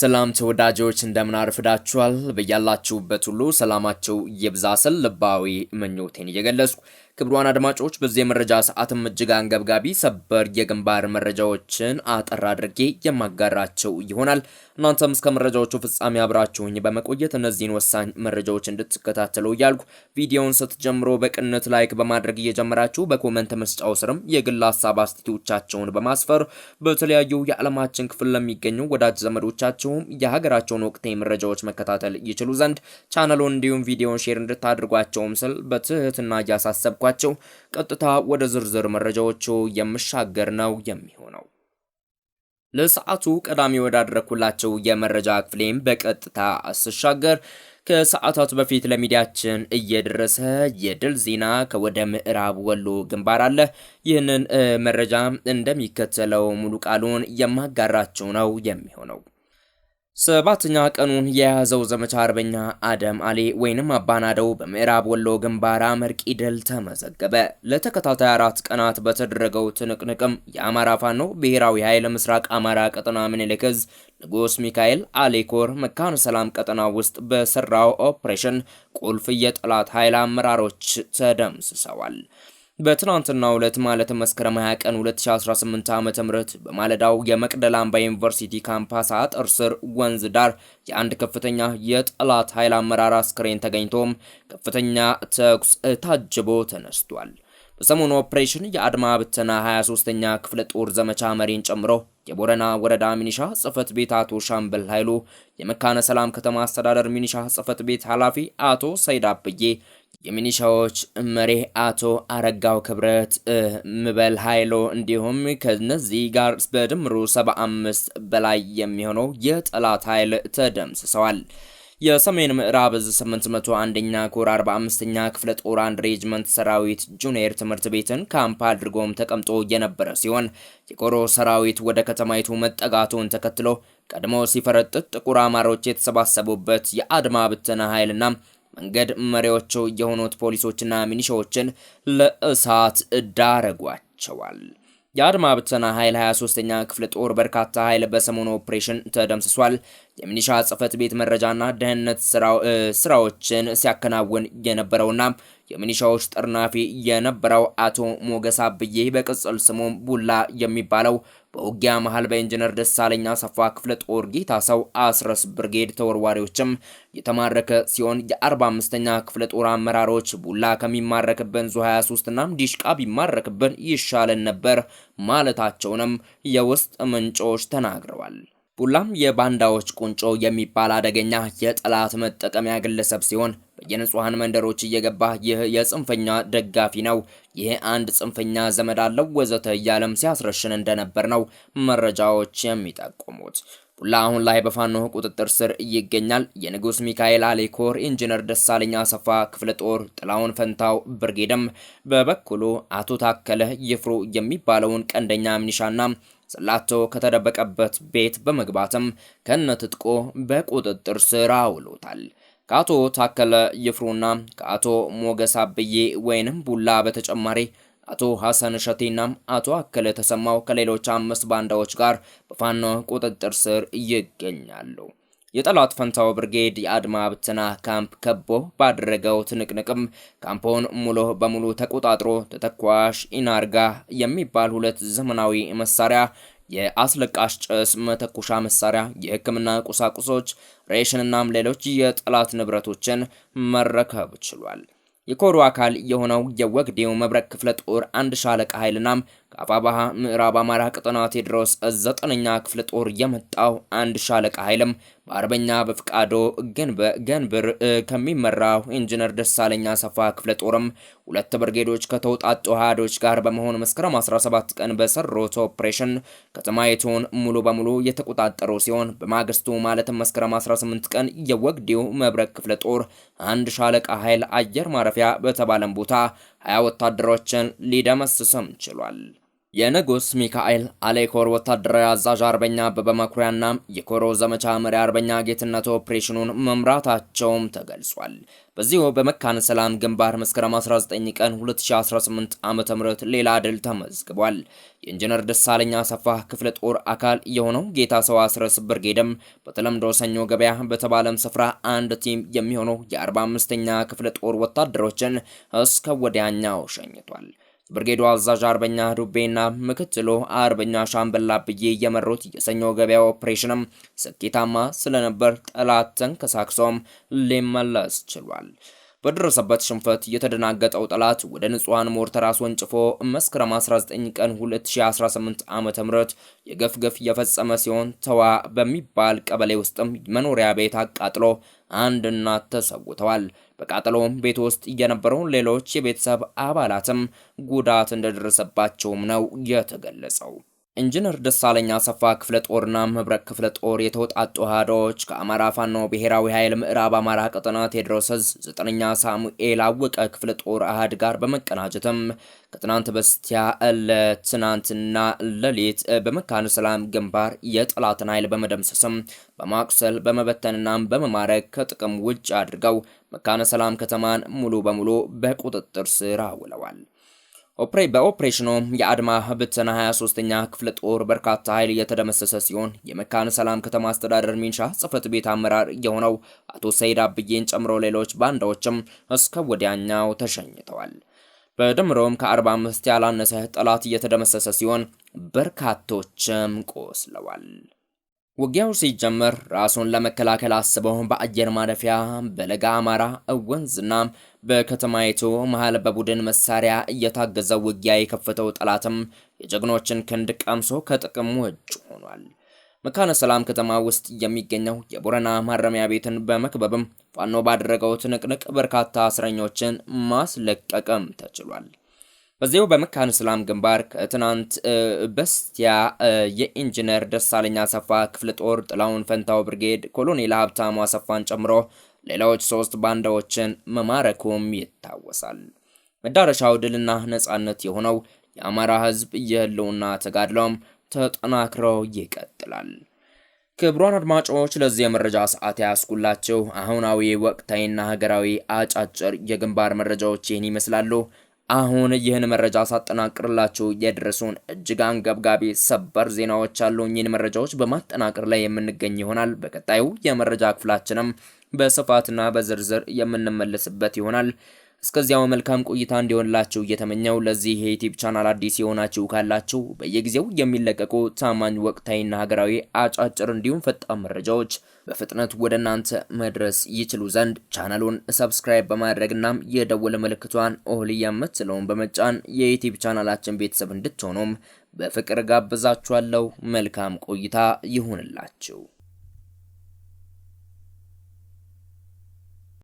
ሰላም ተወዳጆች እንደምን አርፍዳችኋል? በያላችሁበት ሁሉ ሰላማቸው ይብዛ ስል ልባዊ ምኞቴን እየገለጽኩ ክብሯን አድማጮች በዚህ የመረጃ ሰዓትም እጅግ አንገብጋቢ ሰበር የግንባር መረጃዎችን አጠር አድርጌ የማጋራቸው ይሆናል። እናንተም እስከ መረጃዎቹ ፍጻሜ አብራችሁኝ በመቆየት እነዚህን ወሳኝ መረጃዎች እንድትከታተሉ እያልኩ ቪዲዮውን ስትጀምሮ በቅንት ላይክ በማድረግ እየጀመራችሁ በኮመንት መስጫው ስርም የግል ሀሳብ አስተያየቶቻቸውን በማስፈር በተለያዩ የዓለማችን ክፍል ለሚገኙ ወዳጅ ዘመዶቻችሁም የሀገራቸውን ወቅታዊ መረጃዎች መከታተል ይችሉ ዘንድ ቻናሉን እንዲሁም ቪዲዮውን ሼር እንድታደርጓቸውም ስል በትህትና እያሳሰብኳቸው ቀጥታ ወደ ዝርዝር መረጃዎቹ የምሻገር ነው የሚሆነው። ለሰዓቱ ቀዳሚ ወዳደረኩላቸው የመረጃ ክፍሌም በቀጥታ ስሻገር ከሰዓታት በፊት ለሚዲያችን እየደረሰ የድል ዜና ከወደ ምዕራብ ወሎ ግንባር አለ። ይህንን መረጃ እንደሚከተለው ሙሉ ቃሉን የማጋራቸው ነው የሚሆነው ሰባተኛ ቀኑን የያዘው ዘመቻ አርበኛ አደም አሌ ወይንም አባናደው በምዕራብ ወሎ ግንባር አመርቂ ድል ተመዘገበ። ለተከታታይ አራት ቀናት በተደረገው ትንቅንቅም የአማራ ፋኖ ብሔራዊ ኃይል ምስራቅ አማራ ቀጠና ምኒልክ ዕዝ ንጉስ ሚካኤል አሌኮር መካነ ሰላም ቀጠና ውስጥ በሰራው ኦፕሬሽን ቁልፍ የጠላት ኃይል አመራሮች ተደምስሰዋል። በትናንትናው ዕለት ማለት መስከረም 20 ቀን 2018 ዓ.ም በማለዳው የመቅደላ አምባ ዩኒቨርሲቲ ካምፓስ አጥር ስር ወንዝ ዳር የአንድ ከፍተኛ የጠላት ኃይል አመራር አስክሬን ተገኝቶም ከፍተኛ ተኩስ ታጅቦ ተነስቷል። በሰሞኑ ኦፕሬሽን የአድማ ብተና 23ኛ ክፍለ ጦር ዘመቻ መሪን ጨምሮ የቦረና ወረዳ ሚኒሻ ጽህፈት ቤት አቶ ሻምበል ኃይሉ፣ የመካነ ሰላም ከተማ አስተዳደር ሚኒሻ ጽህፈት ቤት ኃላፊ አቶ ሰይድ አብዬ፣ የሚኒሻዎች መሪ አቶ አረጋው ክብረት ምበል ኃይሎ እንዲሁም ከነዚህ ጋር በድምሩ 75 በላይ የሚሆነው የጠላት ኃይል ተደምስሰዋል። የሰሜን ምዕራብ እዝ 801ኛ ኮር 45ኛ ክፍለ ጦር አንድ ሬጅመንት ሰራዊት ጁኒየር ትምህርት ቤትን ካምፕ አድርጎም ተቀምጦ የነበረ ሲሆን የኮሮ ሰራዊት ወደ ከተማይቱ መጠጋቱን ተከትሎ ቀድሞ ሲፈረጥጥ ጥቁር አማሮች የተሰባሰቡበት የአድማ ብተና ኃይልና መንገድ መሪዎቹ የሆኑት ፖሊሶችና ሚኒሻዎችን ለእሳት ዳረጓቸዋል። የአድማ ብተና ኃይል 23ኛ ክፍለ ጦር በርካታ ኃይል በሰሞኑ ኦፕሬሽን ተደምስሷል። የሚኒሻ ጽህፈት ቤት መረጃና ደህንነት ስራዎችን ሲያከናውን የነበረውና የሚኒሻዎች ጠርናፊ የነበረው አቶ ሞገስ አብዬ በቅጽል ስሙም ቡላ የሚባለው በውጊያ መሃል በኢንጂነር ደሳለኝ አሰፋ ክፍለ ጦር ጌታ ሰው አስረስ ብርጌድ ተወርዋሪዎችም የተማረከ ሲሆን የ45ኛ ክፍለ ጦር አመራሮች ቡላ ከሚማረክብን ዙ 23 እና ዲሽቃ ቢማረክብን ይሻለን ነበር ማለታቸውንም የውስጥ ምንጮች ተናግረዋል። ቡላም የባንዳዎች ቁንጮ የሚባል አደገኛ የጠላት መጠቀሚያ ግለሰብ ሲሆን በየንጹሐን መንደሮች እየገባ ይህ የጽንፈኛ ደጋፊ ነው፣ ይህ አንድ ጽንፈኛ ዘመድ አለው ወዘተ እያለም ሲያስረሽን እንደነበር ነው መረጃዎች የሚጠቁሙት። ቡላ አሁን ላይ በፋኖ ቁጥጥር ስር ይገኛል። የንጉስ ሚካኤል አሌኮር ኢንጂነር ደሳለኝ አሰፋ ክፍለ ጦር ጥላውን ፈንታው ብርጌደም በበኩሉ አቶ ታከለ ይፍሩ የሚባለውን ቀንደኛ ሚኒሻና ጽላቶ ከተደበቀበት ቤት በመግባትም ከነትጥቆ በቁጥጥር ስር አውሎታል። ከአቶ ታከለ ይፍሩና ከአቶ ሞገስ አብዬ ወይንም ቡላ በተጨማሪ አቶ ሐሰን ሸቴና አቶ አከለ ተሰማው ከሌሎች አምስት ባንዳዎች ጋር በፋኖ ቁጥጥር ስር ይገኛሉ። የጠላት ፈንታው ብርጌድ የአድማ ብትና ካምፕ ከቦ ባደረገው ትንቅንቅም ካምፖን ሙሉ በሙሉ ተቆጣጥሮ ተተኳሽ ኢናርጋ የሚባል ሁለት ዘመናዊ መሳሪያ የአስለቃሽ ጭስ መተኮሻ መሳሪያ፣ የህክምና ቁሳቁሶች፣ ሬሽንናም ሌሎች የጠላት ንብረቶችን መረከብ ችሏል። የኮሩ አካል የሆነው የወግዴው መብረቅ ክፍለ ጦር አንድ ሻለቃ ኃይልናም ከአፋባሃ ምዕራብ አማራ ቀጠና ቴዎድሮስ ዘጠነኛ ክፍለ ጦር የመጣው አንድ ሻለቃ ኃይልም በአርበኛ በፍቃዶ ገንብር ከሚመራው ኢንጂነር ደሳለኛ ሰፋ ክፍለ ጦርም ሁለት ብርጌዶች ከተውጣጡ አሃዶች ጋር በመሆን መስከረም 17 ቀን በሰሩት ኦፕሬሽን ከተማይቱን ሙሉ በሙሉ የተቆጣጠሩ ሲሆን በማግስቱ ማለትም መስከረም 18 ቀን የወግዴው መብረቅ ክፍለ ጦር አንድ ሻለቃ ኃይል አየር ማረፊያ በተባለም ቦታ ሀያ ወታደሮችን ሊደመስስም ችሏል። የንጉስ ሚካኤል አሌኮር ወታደራዊ አዛዥ አርበኛ አበበ መኩሪያና የኮሮ ዘመቻ መሪ አርበኛ ጌትነት ኦፕሬሽኑን መምራታቸውም ተገልጿል። በዚሁ በመካነ ሰላም ግንባር መስከረም 19 ቀን 2018 ዓ ም ሌላ ድል ተመዝግቧል። የኢንጂነር ደሳለኛ አሰፋ ክፍለ ጦር አካል የሆነው ጌታ ሰው አስረስ ብርጌድም በተለምዶ ሰኞ ገበያ በተባለም ስፍራ አንድ ቲም የሚሆነው የ45ኛ ክፍለ ጦር ወታደሮችን እስከ ወዲያኛው ሸኝቷል። ብርጌዱ አዛዥ አርበኛ ዱቤና ምክትሉ አርበኛ ሻምበላ ብዬ የመሩት የሰኞ ገበያ ኦፕሬሽንም ስኬታማ ስለነበር ጠላት ተንቀሳቅሶም ሊመለስ ችሏል። በደረሰበት ሽንፈት የተደናገጠው ጠላት ወደ ንጹሐን ሞርተር አስወንጭፎ መስከረም 19 ቀን 2018 ዓ.ም ም ግፍ የፈጸመ ሲሆን ተዋ በሚባል ቀበሌ ውስጥም መኖሪያ ቤት አቃጥሎ አንድ እናት ተሰውተዋል። በቃጠሎም ቤት ውስጥ የነበረውን ሌሎች የቤተሰብ አባላትም ጉዳት እንደደረሰባቸውም ነው የተገለጸው። ኢንጂነር ደሳለኛ አሰፋ ክፍለ ጦርና መብረቅ ክፍለ ጦር የተውጣጡ አሃዶች ከአማራ ፋኖ ብሔራዊ ኃይል ምዕራብ አማራ ቀጠና ቴዎድሮስ ዕዝ ዘጠነኛ ሳሙኤል አወቀ ክፍለ ጦር አሃድ ጋር በመቀናጀትም ከትናንት በስቲያ ለትናንትና ሌሊት በመካነ ሰላም ግንባር የጠላትን ኃይል በመደምሰስም በማቁሰል በመበተንና በመማረክ ከጥቅም ውጭ አድርገው መካነ ሰላም ከተማን ሙሉ በሙሉ በቁጥጥር ስር አውለዋል። በኦፕሬሽኑ የአድማ ብትና 23ኛ ክፍለ ጦር በርካታ ኃይል እየተደመሰሰ ሲሆን የመካነ ሰላም ከተማ አስተዳደር ሚንሻ ጽህፈት ቤት አመራር የሆነው አቶ ሰይድ አብዬን ጨምሮ ሌሎች ባንዳዎችም እስከ ወዲያኛው ተሸኝተዋል። በድምሮም ከ45 ያላነሰ ጠላት እየተደመሰሰ ሲሆን በርካቶችም ቆስለዋል። ውጊያው ሲጀመር ራሱን ለመከላከል አስበው በአየር ማረፊያ በለጋ አማራ ወንዝና በከተማይቱ መሃል በቡድን መሳሪያ እየታገዘ ውጊያ የከፈተው ጠላትም የጀግኖችን ክንድ ቀምሶ ከጥቅም ውጭ ሆኗል። መካነ ሰላም ከተማ ውስጥ የሚገኘው የቦረና ማረሚያ ቤትን በመክበብም ፋኖ ባደረገው ትንቅንቅ በርካታ እስረኞችን ማስለቀቅም ተችሏል። በዚሁ በመካነ ሰላም ግንባር ከትናንት በስቲያ የኢንጂነር ደሳለኛ አሰፋ ክፍለ ጦር ጥላውን ፈንታው ብርጌድ ኮሎኔል ሀብታሙ አሰፋን ጨምሮ ሌሎች ሶስት ባንዳዎችን መማረኩም ይታወሳል። መዳረሻው ድልና ነጻነት የሆነው የአማራ ህዝብ የህልውና ተጋድሎም ተጠናክሮ ይቀጥላል። ክቡራን አድማጮች ለዚህ የመረጃ ሰዓት ያስኩላችሁ አሁናዊ ወቅታዊና ሀገራዊ አጫጭር የግንባር መረጃዎች ይህን ይመስላሉ። አሁን ይህን መረጃ ሳጠናቅርላችሁ የደረሱን እጅግ አንገብጋቢ ሰበር ዜናዎች አሉ። እኚህን መረጃዎች በማጠናቀር ላይ የምንገኝ ይሆናል። በቀጣዩ የመረጃ ክፍላችንም በስፋትና በዝርዝር የምንመለስበት ይሆናል። እስከዚያው መልካም ቆይታ እንዲሆንላችሁ እየተመኘው ለዚህ የዩቲዩብ ቻናል አዲስ የሆናችሁ ካላችሁ በየጊዜው የሚለቀቁ ታማኝ ወቅታዊና ሀገራዊ አጫጭር እንዲሁም ፈጣን መረጃዎች በፍጥነት ወደ እናንተ መድረስ ይችሉ ዘንድ ቻናሉን ሰብስክራይብ በማድረግና የደወለ ምልክቷን ኦህል የምትለውን በመጫን የዩቲዩብ ቻናላችን ቤተሰብ እንድትሆኑም በፍቅር ጋብዛችኋለሁ። መልካም ቆይታ ይሁንላችሁ።